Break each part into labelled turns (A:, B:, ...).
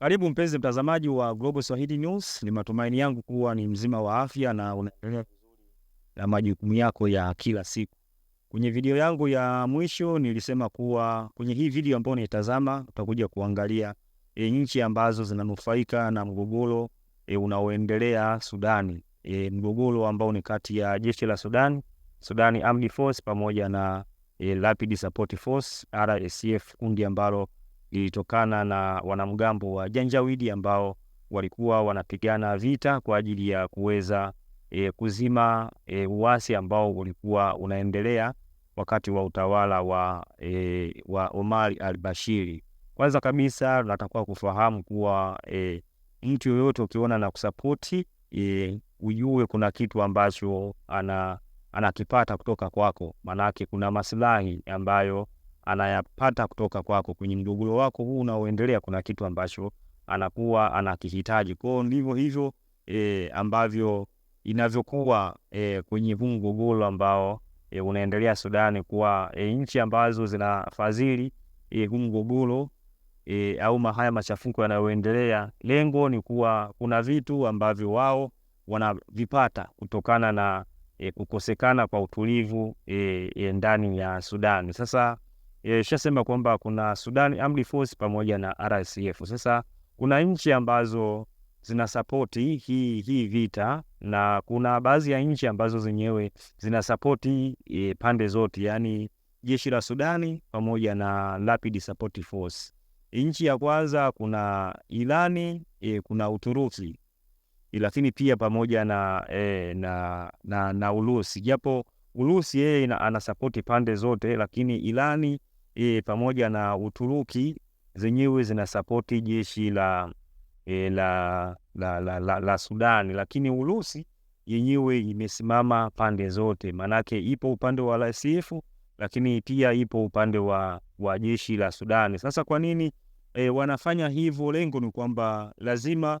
A: Karibu mpenzi mtazamaji wa Global Swahili News. Ni matumaini yangu kuwa ni mzima wa afya na unaendelea vizuri na majukumu yako ya kila siku. Kwenye video yangu ya mwisho nilisema kuwa kwenye hii video ambayo unaitazama utakuja kuangalia e, nchi ambazo zinanufaika na mgogoro e, unaoendelea Sudani. E, mgogoro ambao ni kati ya jeshi la Sudan, Sudan Armed Force pamoja na e, Rapid Support Force RSF, kundi ambalo ilitokana na wanamgambo wa Janjawidi ambao walikuwa wanapigana vita kwa ajili ya kuweza e, kuzima e, uasi ambao ulikuwa unaendelea wakati wa utawala wa, e, wa Omar al-Bashiri. Kwanza kabisa tunatakiwa kufahamu kuwa e, mtu yoyote ukiona na kusapoti e, ujue kuna kitu ambacho ana anakipata kutoka kwako, maanake kuna maslahi ambayo anayapata kutoka kwako kwenye mgogoro wako huu unaoendelea. Kuna kitu ambacho anakuwa anakihitaji kwao, ndivyo hivyo e, ambavyo inavyokuwa e, kwenye huu mgogoro ambao e, unaendelea Sudani, kuwa e, nchi ambazo zinafadhili e, huu mgogoro e, au mahaya machafuko yanayoendelea, lengo ni kuwa kuna vitu ambavyo wao wanavipata kutokana na e, kukosekana kwa utulivu e, e, ndani ya Sudani. Sasa Eh, ishasema kwamba kuna Sudan Armed Force pamoja na RSF. Sasa kuna nchi ambazo zinasapoti hii hii vita na kuna baadhi ya nchi ambazo zenyewe zinasapoti e, eh, pande zote, yani jeshi la Sudani pamoja na Rapid Support Force. Nchi ya kwanza kuna Irani e, eh, kuna Uturuki lakini pia pamoja na, e, na, na, na Urusi, japo Urusi yeye anasapoti pande zote, lakini Irani e, pamoja na Uturuki zenyewe zinasapoti jeshi la, e, la, la, la, la, la Sudani, lakini Urusi yenyewe imesimama pande zote, maanake ipo upande wa RSF lakini pia ipo upande wa, wa jeshi la Sudani. Sasa kwa nini e, wanafanya hivyo? Lengo ni kwamba lazima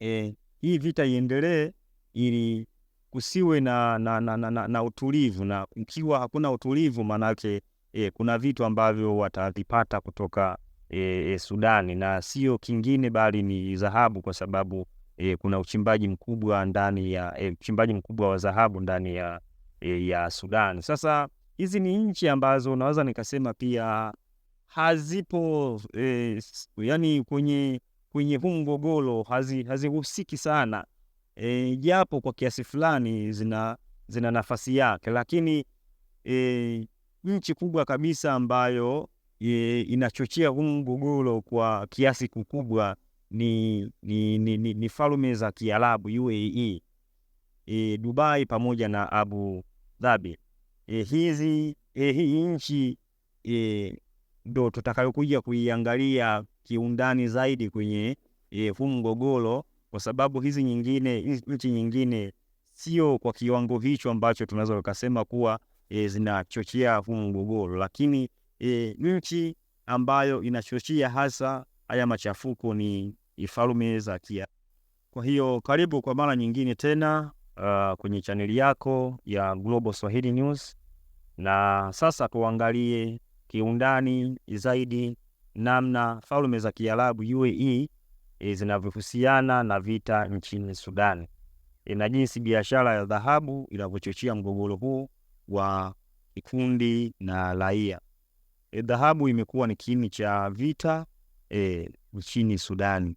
A: e, hii vita iendelee ili kusiwe na, na, na, na, na, na utulivu, na ukiwa hakuna utulivu maanake e, kuna vitu ambavyo watavipata kutoka e, e, Sudani na sio kingine bali ni dhahabu, kwa sababu e, kuna uchimbaji mkubwa ndani ya e, uchimbaji mkubwa wa dhahabu ndani ya, e, ya Sudan. Sasa hizi ni nchi ambazo naweza nikasema pia hazipo e, yani kwenye kwenye huu mgogoro hazihusiki hazi sana e, japo kwa kiasi fulani zina, zina nafasi yake, lakini e, nchi kubwa kabisa ambayo e, inachochea huu mgogoro kwa kiasi kikubwa ni, ni, ni, ni, ni falme za Kiarabu UAE, e, Dubai pamoja na Abu Dhabi. E, hizi e, hii nchi e, ndo e, tutakayokuja kuiangalia kiundani zaidi kwenye e, huu mgogoro, kwa sababu hizi nyingine nchi nyingine sio kwa kiwango hicho ambacho tunaweza tukasema kuwa e, zinachochea huu mgogoro, lakini e, nchi ambayo inachochea hasa haya machafuko ni Falme za Kiarabu. Kwa hiyo karibu kwa mara nyingine tena uh, kwenye chaneli yako ya Global Swahili News, na sasa tuangalie kiundani zaidi namna Falme za Kiarabu UAE e, eh, zinavyohusiana na vita nchini Sudani e, na jinsi biashara ya dhahabu inavyochochea mgogoro huu wa kikundi na raia. E, dhahabu imekuwa ni kiini cha vita e, nchini Sudani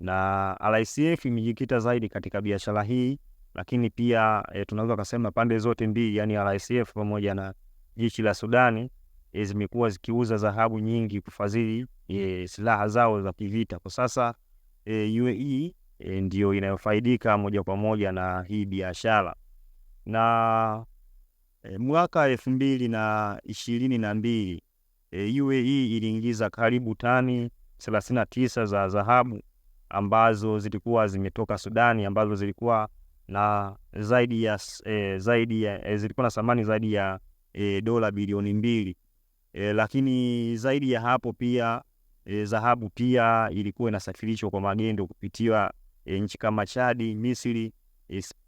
A: na RICF imejikita zaidi katika biashara hii, lakini pia e, tunaweza kusema pande zote mbili, yani RICF pamoja na jeshi la Sudani e, zimekuwa zikiuza dhahabu nyingi kufadhili e, silaha zao za kivita. Kwa sasa e, UAE e, ndio inayofaidika moja kwa moja na hii biashara na E, mwaka elfu mbili na ishirini na mbili eh, e, UAE iliingiza karibu tani thelathini na tisa za dhahabu ambazo zilikuwa zimetoka Sudani ambazo zilikuwa na zaidi ya, e, zaidi ya e, zilikuwa na thamani zaidi ya e, dola bilioni mbili e, lakini zaidi ya hapo pia dhahabu e, pia ilikuwa inasafirishwa kwa magendo kupitia e, nchi kama Chadi, Misri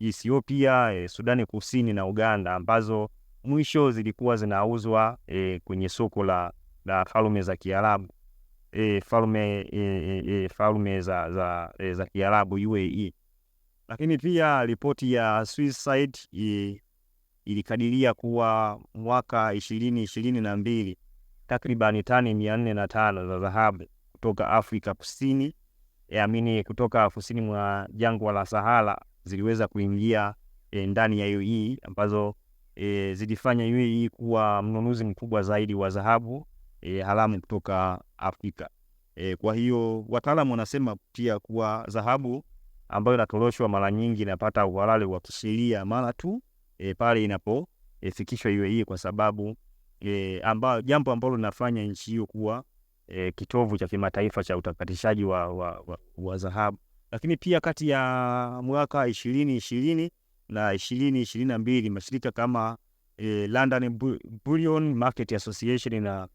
A: Ethiopia, e, Sudani Kusini na Uganda ambazo mwisho zilikuwa zinauzwa e, kwenye soko la, la falme za Kiarabu e, falme, e, e, falme za, za, e, za Kiarabu UAE. Lakini pia ripoti ya Swisside e, ilikadiria kuwa mwaka ishirini ishirini na mbili takribani tani mia nne na tano za dhahabu kutoka Afrika Kusini e, amini kutoka kusini mwa jangwa la Sahara ziliweza kuingia e, ndani ya UAE ambazo e, zilifanya UAE kuwa mnunuzi mkubwa zaidi wa dhahabu e, haramu kutoka Afrika. E, kwa hiyo wataalamu wanasema pia kuwa dhahabu ambayo inatoroshwa mara nyingi inapata uhalali wa kisheria mara tu e, pale inapofikishwa e, UAE kwa sababu e, amba, jambo ambalo linafanya nchi hiyo kuwa e, kitovu cha kimataifa cha utakatishaji wa, wa, wa, wa dhahabu. Lakini pia kati ya mwaka ishirini ishirini na ishirini ishirini na mbili mashirika kama eh, London Bullion Market Association na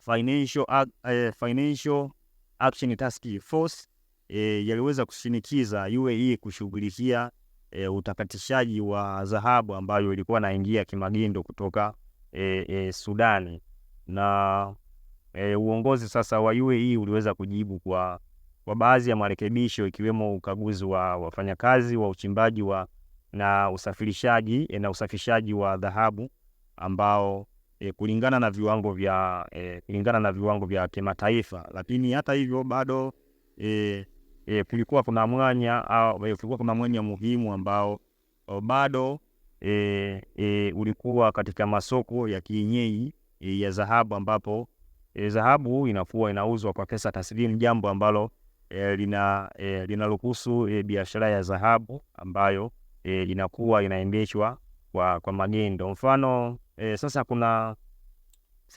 A: Financial, eh, Financial Action Task Force eh, yaliweza kushinikiza UAE kushughulikia eh, utakatishaji wa dhahabu ambayo ilikuwa naingia kimagindo kutoka eh, eh, Sudani na eh, uongozi sasa wa UAE uliweza kujibu kwa kwa baadhi ya marekebisho ikiwemo ukaguzi wa wafanyakazi wa uchimbaji wa na usafirishaji eh, na usafishaji wa dhahabu ambao e, kulingana na viwango vya e, kulingana na viwango vya kimataifa. Lakini hata hivyo bado e, e, kulikuwa kuna mwanya au kulikuwa kuna mwanya muhimu ambao bado e, e, ulikuwa katika masoko ya kienyeji e, ya dhahabu ambapo dhahabu e, inakuwa inauzwa kwa pesa taslimu, jambo ambalo e, lina e, eh, linaruhusu e, eh, biashara ya dhahabu ambayo e, inakuwa inaendeshwa kwa, kwa magendo. Mfano e, sasa kuna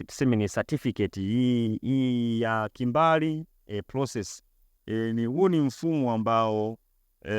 A: tuseme ni certificate hii hii ya kimbali e, process e, ni huu ni mfumo ambao e,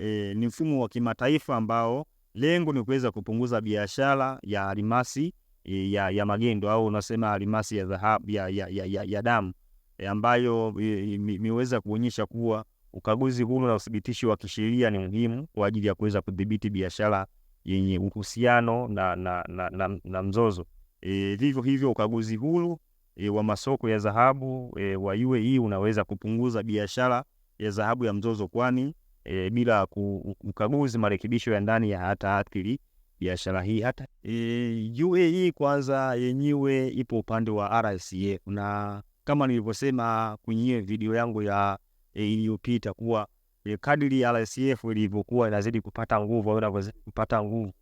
A: e, ni mfumo wa kimataifa ambao lengo ni kuweza kupunguza biashara ya almasi ya, ya magendo au unasema almasi ya dhahabu ya, ya, ya, ya, ya damu. E, ambayo e, imeweza kuonyesha kuwa ukaguzi huru na uthibitisho wa kisheria ni muhimu kwa ajili ya kuweza kudhibiti biashara yenye uhusiano na, na, na, na, na mzozo. E, vivyo hivyo ukaguzi huru e, wa masoko ya dhahabu e, wa UAE unaweza kupunguza biashara ya dhahabu ya mzozo, kwani e, bila ukaguzi marekebisho ya ndani ya hata athiri biashara hii hata. E, UAE kwanza yenyewe ipo upande wa RCA na kama nilivyosema kwenye video yangu ya e, iliyopita kuwa e, kadri ya RCF ilivyokuwa inazidi kupata nguvu au inazidi kupata nguvu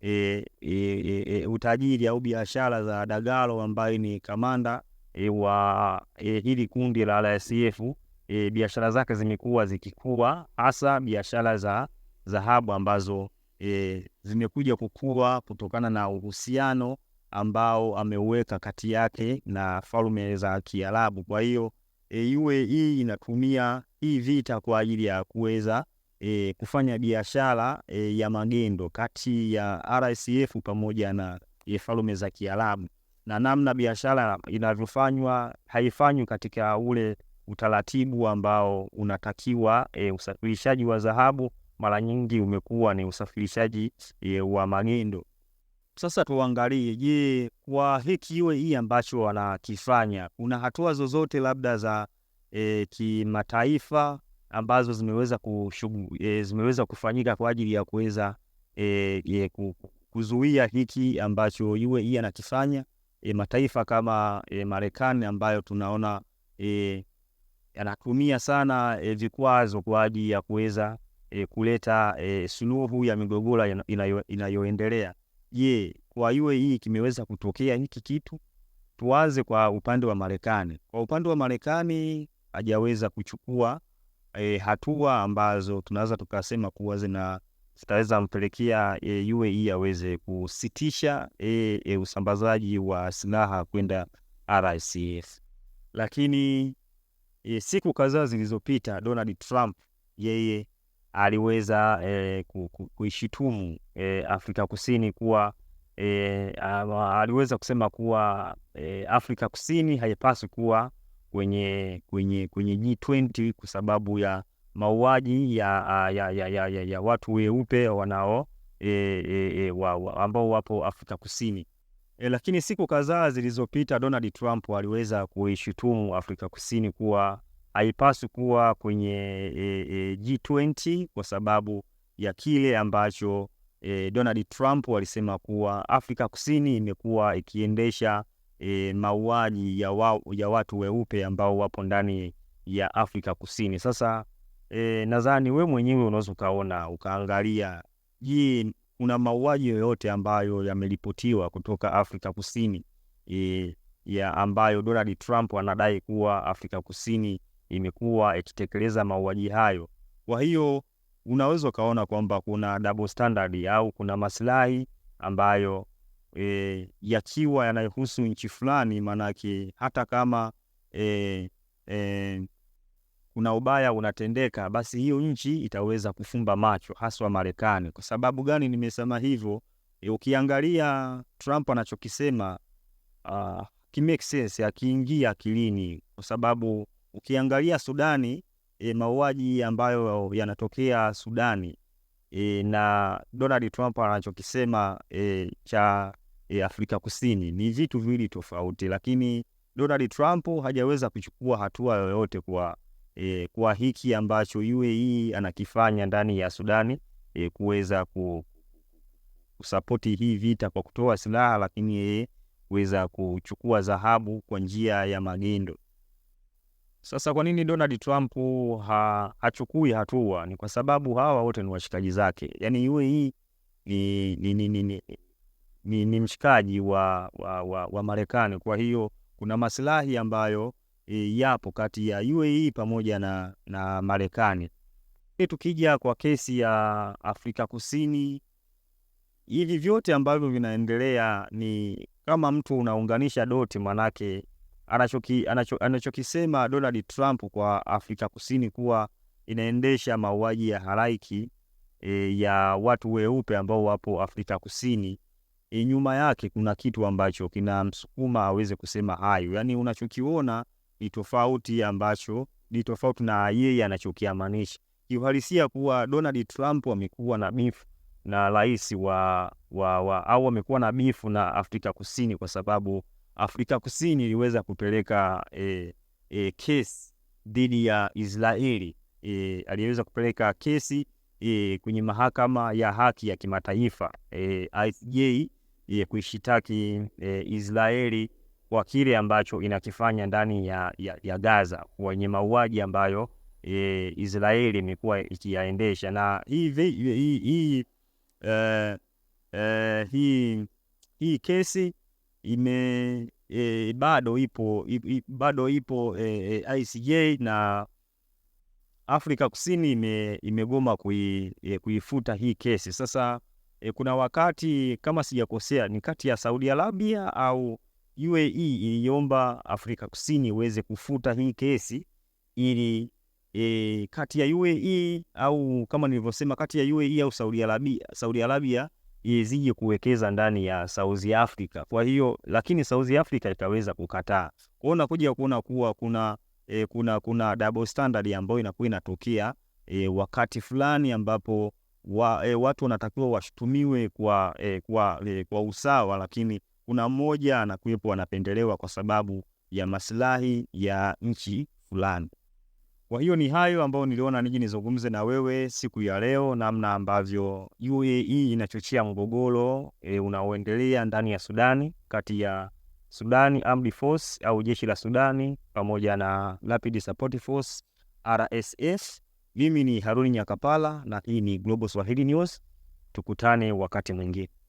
A: e, e, e, e, utajiri au biashara za Dagalo ambaye ni kamanda e, wa e, hili kundi la RCF e, biashara zake zimekuwa zikikua, hasa biashara za dhahabu ambazo e, zimekuja kukua kutokana na uhusiano ambao ameuweka kati yake na falme za Kiarabu. Kwa hiyo e, UAE hii inatumia hii vita kwa ajili ya kuweza e, kufanya biashara e, ya magendo kati ya RSF pamoja na e, falme za Kiarabu na namna biashara inavyofanywa haifanywi katika ule utaratibu ambao unatakiwa. E, usafirishaji wa dhahabu mara nyingi umekuwa ni usafirishaji e, wa magendo. Sasa tuangalie, je, kwa hiki iwe hii ambacho wanakifanya kuna hatua zozote labda za e, kimataifa ambazo zimeweza kushugu, e, zimeweza kufanyika kwa ajili ya kuweza e, e, kuzuia hiki ambacho hii anakifanya e, mataifa kama e, Marekani ambayo tunaona e, anatumia sana e, vikwazo kwa ajili ya kuweza e, kuleta e, suluhu ya migogoro inayoendelea. Je, kwa UAE kimeweza kutokea hiki kitu? Tuanze kwa upande wa Marekani. Kwa upande wa Marekani hajaweza kuchukua e, hatua ambazo tunaweza tukasema kuwa zina zitaweza mpelekea eh, e, UAE aweze kusitisha e, e, usambazaji wa silaha kwenda RICS. Lakini e, siku kadhaa zilizopita Donald Trump yeye aliweza e, eh, kuishitumu e, eh, Afrika Kusini kuwa e, aliweza kusema kuwa e, Afrika Kusini haipaswi kuwa kwenye, kwenye, kwenye G20 kwa sababu ya mauaji ya, ya, ya, ya, ya, ya watu weupe wanao e, e, wa, wa, ambao wapo Afrika Kusini. E, lakini siku kadhaa zilizopita Donald Trump aliweza kuishutumu Afrika Kusini kuwa haipaswi kuwa kwenye e, e, G20 kwa sababu ya kile ambacho e, Donald Trump walisema kuwa Afrika Kusini imekuwa ikiendesha e, mauaji ya, wa, ya watu weupe ambao wapo ndani ya Afrika Kusini. Sasa e, nadhani we mwenyewe unaweza ukaona ukaangalia, je, kuna mauaji yoyote ambayo yameripotiwa kutoka Afrika Kusini e, ya ambayo Donald Trump anadai kuwa Afrika Kusini imekuwa ikitekeleza mauaji hayo. Kwa hiyo unaweza ukaona kwamba kuna double standard au kuna maslahi ambayo e, yakiwa yanayohusu nchi fulani, maanake hata kama e, e, kuna ubaya unatendeka, basi hiyo nchi itaweza kufumba macho, haswa Marekani. Kwa sababu gani nimesema hivyo? E, ukiangalia Trump anachokisema uh, ah, kimake sense, akiingia akilini, kwa sababu Ukiangalia Sudani e, mauaji ambayo yanatokea Sudani e, na Donald Trump anachokisema e, cha e, Afrika Kusini ni vitu viwili tofauti, lakini Donald Trump hajaweza kuchukua hatua yoyote kwa, e, kwa hiki ambacho UAE anakifanya ndani ya Sudani e, kuweza ku, kusapoti hii vita kwa kutoa silaha, lakini yeye kuweza kuchukua dhahabu kwa njia ya magendo. Sasa kwa nini Donald Trump ha, hachukui hatua? Ni kwa sababu hawa wote ni washikaji zake, yaani yeye hii ni, ni, ni, ni, ni, ni, ni mshikaji wa, wa, wa, wa Marekani. Kwa hiyo kuna masilahi ambayo e, yapo kati ya UAE pamoja na, na Marekani. E, tukija kwa kesi ya Afrika Kusini, hivi vyote ambavyo vinaendelea ni kama mtu unaunganisha doti manake anachoki, anachokisema Donald Trump kwa Afrika Kusini kuwa inaendesha mauaji ya halaiki e, ya watu weupe ambao wapo Afrika Kusini e, nyuma yake kuna kitu ambacho kinamsukuma aweze kusema hayo. Yaani unachokiona ni tofauti ambacho ni tofauti na yeye anachokiamanisha kiuhalisia, kuwa Donald Trump amekuwa na beef na rais wa, wa, wa, au amekuwa na bifu na Afrika Kusini kwa sababu Afrika Kusini iliweza kupeleka e, e, kesi dhidi ya Israeli e, aliweza kupeleka kesi e, kwenye mahakama ya haki ya kimataifa e, ICJ e, kuishitaki e, Israeli kwa kile ambacho inakifanya ndani ya, ya, ya Gaza kwenye mauaji ambayo e, Israeli imekuwa ikiyaendesha na hii e, e, hii hii kesi ime e, bado ipo i, bado ipo e, e, ICJ na Afrika Kusini ime, imegoma kui, e, kuifuta hii kesi. Sasa e, kuna wakati kama sijakosea ni kati ya Saudi Arabia au UAE iliomba Afrika Kusini iweze kufuta hii kesi ili e, kati ya UAE au kama nilivyosema kati ya UAE au Saudi Arabia, Saudi Arabia izije kuwekeza ndani ya South Africa. Kwa hiyo lakini South Africa ikaweza kukataa. Kwa hiyo unakuja kuona kuwa kuna e, kuna kuna double standard ambayo inakuwa inatokea e, wakati fulani ambapo wa, e, watu wanatakiwa washutumiwe kwa, e, kwa, e, kwa usawa, lakini kuna mmoja anakuwepo anapendelewa kwa sababu ya maslahi ya nchi fulani. Kwa hiyo ni hayo ambayo niliona niji nizungumze na wewe siku ya leo, namna ambavyo UAE inachochea mgogoro e, unaoendelea ndani ya Sudani kati ya Sudani Armed Force au jeshi la Sudani pamoja na Rapid Support Force Mimi ni Haruni Nyakapala na hii ni Global Swahili News. Tukutane wakati mwingine.